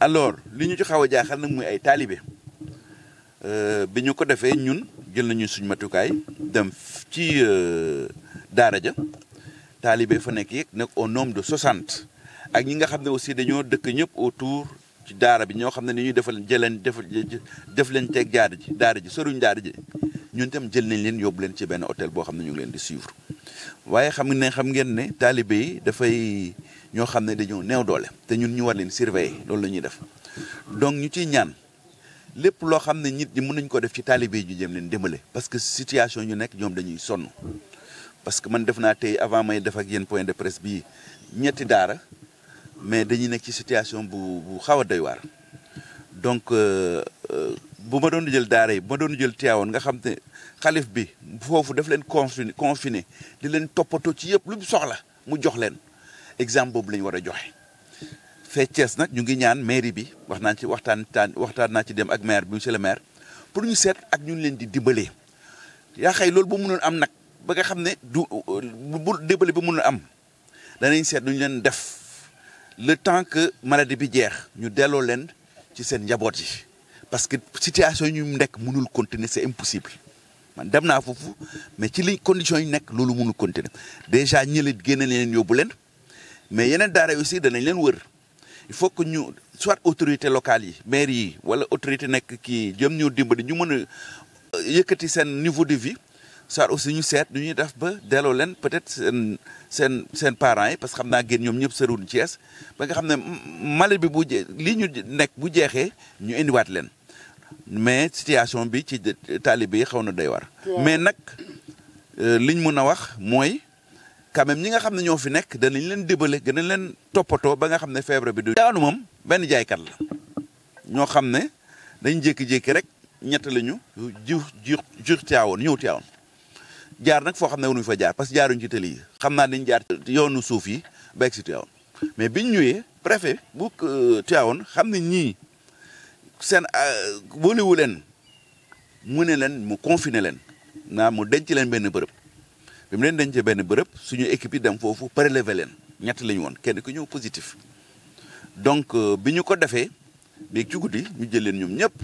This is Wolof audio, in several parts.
alors li ñu ci xaw a jaaxal nag mooy ay taalibe euh, bi ñu ko defee ñun jël nañu suñ matukaay dem ci euh, daara ja taalibe fa nekk yëg nekk au nombre de 60 ak ñi nga xam ne aussi dañoo dëkk ñëpp autour ci daara bi ñoo xam ne ni ñuy defal jëleen defal def leen teg daara ji daara ji soruñ daara ji ñun tam jël nañ leen yóbbu leen ci benn hôtel boo xam ne ñu ngi leen di suivre waaye xam ne xam ngeen ne taalibe yi dafay ñoo xam ne dañoo neew doole te ñun ñu war leen surveiller loolu la ñuy def donc ñu ciy ñaan lépp loo xam ne nit ñi mën nañ ko def ci taalibe yi ñu jëm leen dimbale parce que situation ñu nekk ñoom dañuy sonn parce que man def naa tey avant may def ak yéen point de presse bii ñetti daara mais dañuy nekk ci situation bu bu xaw a doy waar donc euh, euh, bu ma doon jël daara yi bu ma doon jël Tiwaawan nga xam ne xalif bi foofu daf leen confiné confiné di leen toppatoo ci yëpp lu mu soxla mu jox leen exemple boobu la ñu war a joxe. fee nag ñu ngi ñaan mairie bi wax naa ci waxtaan taan waxtaan naa ci dem ak maire bi monsieur pour ñu seet ak ñun leen di dimbalee yaa xëy loolu ba mënoon am nag ba nga xam ne du bu dimbale ba mënoon am danañ seet lu ñu leen def le temps que maladie bi jeex ñu delloo leen ci seen njaboot yi. parce que situation yi ñu nekk mënul continuer c'est impossible man dem naa foofu mais ci li conditions yi nekk loolu mënul continuer déjà ñële génne leen yóbbu leen mais yeneen daara aussi danañ leen wër il faut que ñu soit autorité locale yi maire yi wala autorité nekk kii jëm ñu dimbali ñu mën a euh, yëkkati niveau de vie soit aussi ñu seet du ñuy def ba delloo leen peut-être sen sen seen parents parce que xamna gën ñom ñoom ñëpp sëruñ Thiès ba nga xam ne bi bu li ñu nek bu jéxé ñu indi wat leen mais situation bi ci taalibe yi xaw na doy war mais nag euh, liñ mën a wax mooy quand ñi nga xam ne ñoo fi nekk danañ leen débale gën a leen toppatoo ba nga xam ne feebar bi du daanu moom benn jaaykat la ñoo xam ne dañ jékki rek ñett lañu jiw jiw jiw tiyaawoon ñëw tiyaawoon jaar nag foo xam ne waruñu fa jaar parce que jaaruñ ci tëli xam naa dañ jaar yoonu suuf yi ba egg mais biñ ñëwee préfet bu euh, tiyaawoon xam ne ñii seen booliwu euh, leen mu ne leen mu confiner leen naa mu denc leen benn bërëb bi mu leen dencee benn bërëb suñu équipe yi dem foofu prélever leen ñett lañu woon kenn ku ñëw positif donc euh, bi ñu ko defee bi ci guddi ñu jël leen ñoom ñëpp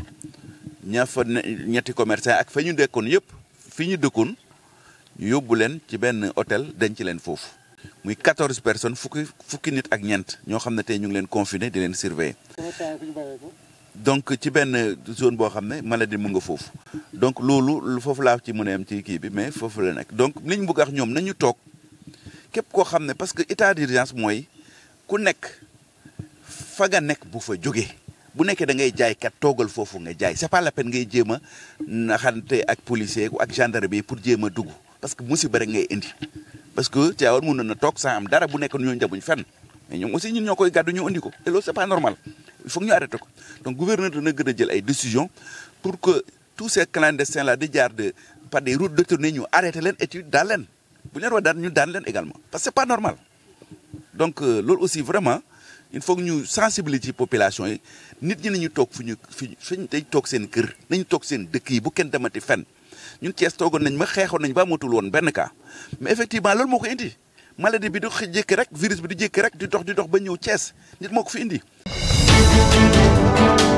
ña fa ñetti commerçant ak fa ñu dekkoon yëpp fi ñu dëkkoon ñu yóbbu leen ci benn hôtel denc leen foofu muy quatorze personnes fukki nit ak ñeent ñoo xam ne tey ñu ngi leen confiné di leen surveiller donc ci benn zone boo xam ne maladie mu nga foofu donc loolu foofu laa ci mën a am ci kii bi mais foofu la nekk donc li ñu bëgg wax ñoom nañu toog képp koo xam ne parce que état d'urgence mooy ku nekk fa nga nekk bu fa jógee bu nekkee da ngay jaay kat toogal foofu nga jaay c'est pas la peine ngay jéem a naxante ak policier ak gendarme bi pour jéem a dugg parce que mu si rek ngay indi parce que Tivaouane mën na toog sans am dara bu nekk ñoo jamuñ fenn ñun ñoo koy gàddu ñu indi ko et loolu c'est il faut que nous arrêtions. donc gouverneur dana gën a jël décision décisions pour que tous ces clandestins là de jaar de par des routes détournées ñu nous leen et puis dans Vous nous ñu leen également parce que c'est pas normal donc euh, loolu aussi vraiment il faut que sensibilisions sensibiliser population yi nit nous nañu toog fu ñu fi fiñ dañ toog seen kër nañu toog seen dëkk yi bu kenn demati fenn ñun Thiès toogoon nañ ma xeexoon nañ ba amatul won ben cas mais effectivement loolu moko indi maladie bi du jékki rek virus bi du jek rek di dox di dox ba ñëw ties nit moko fi indi Thank you.